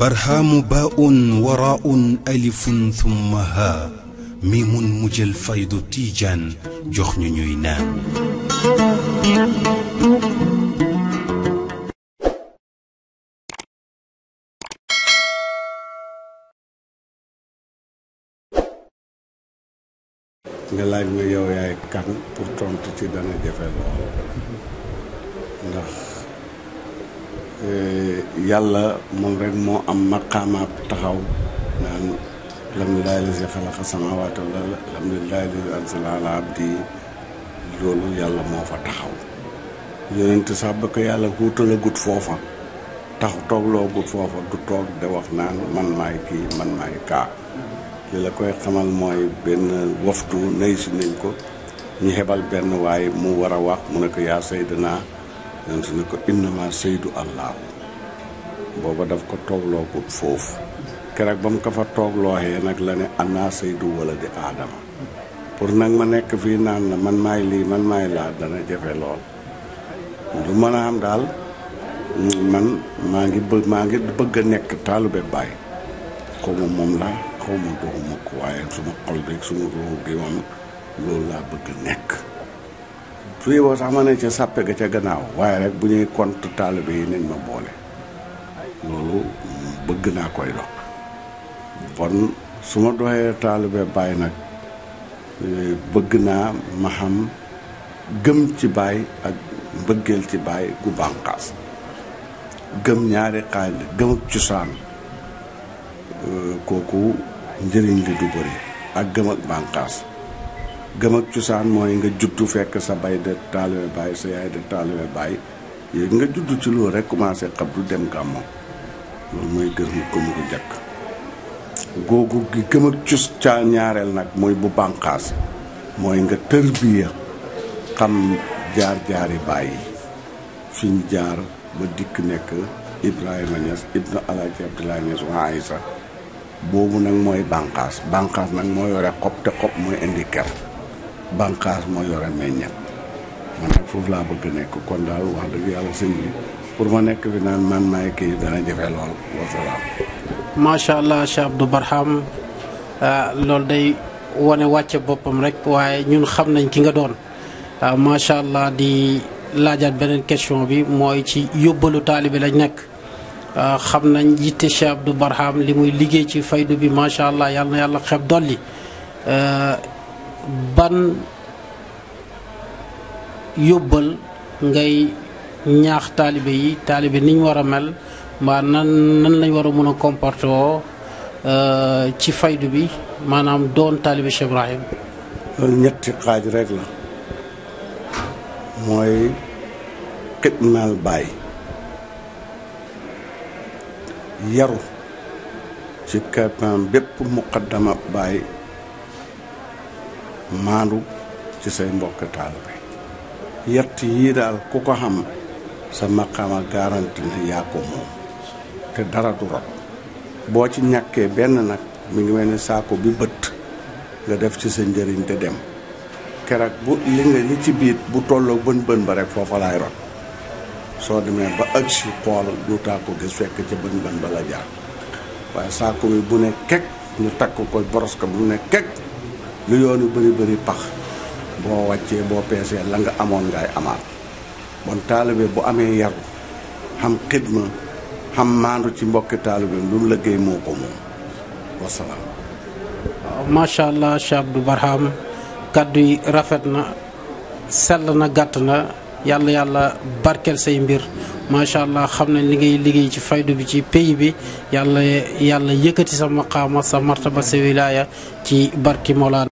برهام باء وراء ألف ثم ها ميم مجل فيض تيجان جخن نينان nga laaj ma yow yaay kan pour tontu ci dana jafe lool ndax Euh, yàlla moom rek moo am maqaamaab taxaw naan alhamdulillahi lazi xalaqa samaawaati wal arda alhamdulillahi lazi anzala ala abdi loolu yàlla moo fa taxaw yonent sax ba ko yàlla wuutala gut foofa tax toog loo gut foofa du toog de wax naan man maay kii man maay kaa li la koy xamal mooy benn woftu nay si nañ ko ñu xebal benn waay mu war a wax mu ne ko yaa saydanaa yonent ne ko innama saydu allahu booba daf ko toogloo ko foofu keroog ba mu ko fa tooglooxee nag la ne ana saydu wala di aadama pour nag ma nekk fii naan na man maay lii man maay laa dana jafe lool lu mën a am daal man maa ngi bë maa ngi bëgg a nekk taalube Baay xaw moom la xaw ma doxuma waaye suma xol beeg suma ruuxu gi moom loolu laa bëgg a nekk su yeboo sax ma ne ca sàppe ga ca gannaaw waaye rek bu ñuy compte taalibe yi nañ ma boole loolu bëgg naa koy dox kon su ma doxee taalibe Baay nag bëgg naa ma xam gëm ci Baay ak mbëggeel ci Baay gu bànqaas gëm ñaari xaaj gëm ak cosaan kooku njëriñ li du bëri ak gëm ak bànqaas gëm ak cosaan mooy nga juddu fekk sa bay de taalibe baay sa yaay de taalibe baay yéeg nga juddu ci loolu rek commencé xabdu dem gàmmo loolu mooy gëm gëm gu jëkk googu gi gëm ak cus ca ñaareel nag mooy bu bànqaas mooy nga tërbiya xam jaar-jaari baay yi fiñ jaar ba dikk nekk Ibrahima Niass ibnu Alaaji Abdoulaye Niass waa Aïssa boobu nag mooy bànqaas bànqaas nag moo yore xob te xob mooy indi ker bànqaas moo yore meññat man nag foofu laa bëgg nekk kon daal wax dëgg yàlla sëñ bi pour ma nekk bi naan man maay kii dana jafe lool wasalaam. macha allah Cheikh Abdou Barham ah, loolu day wane wàcce boppam rek waaye ñun xam nañ ki nga doon ah, macha allah di laajaat beneen question bi mooy ci yóbbalu taalibe lañ nekk. Ah, xam nañ yitte Cheikh Abdou Barham li muy liggéey ci faydu bi macha allah yàlla na yàlla xeb dolli. ban yóbbal ngay ñaax taalibe yi taalibe niñ war a mel mbaa nan lañ war a mën a comporter woo euh, ci faydu bi maanaam doon taalibe Cheikh loolu ñetti xaaj rek la mooy xidmaal baay yaru ci kapam bépp muqaddama baay manu ci say mbokk taalibe yett yii daal ku ko xam sa maqaama garanti na yaa ko moom te dara du rob boo ci ñàkkee mi ngi saako bi bëtt nga def ci sa te dem kerak bu li nga li ci biit bu tolloo bën bën ba rek foofa laay rot soo demee ba ëgg si xool ñu gis fekk bën bën ba la jaar saako bi bu ne kek ñu koi ko boros ko bu ne kek lu yoonu bari bari pax boo wàccee boo peesee la nga amoon ngaay amaat bon taalibe bu amee yaru xam xidma xam maandu ci mbokki taalibeem lu mu lëggéey moo ko moom wasalaam masha allah cheikh abdou barham kaddu yi rafet na sell na gàtt na yàlla yàlla barkel say mbir macha allah xam nañ li ngay liggéey ci faydu bi ci pays bi yàlla yàlla yëkkati sa maqaama sa martaba sa wilaya ci barki molaan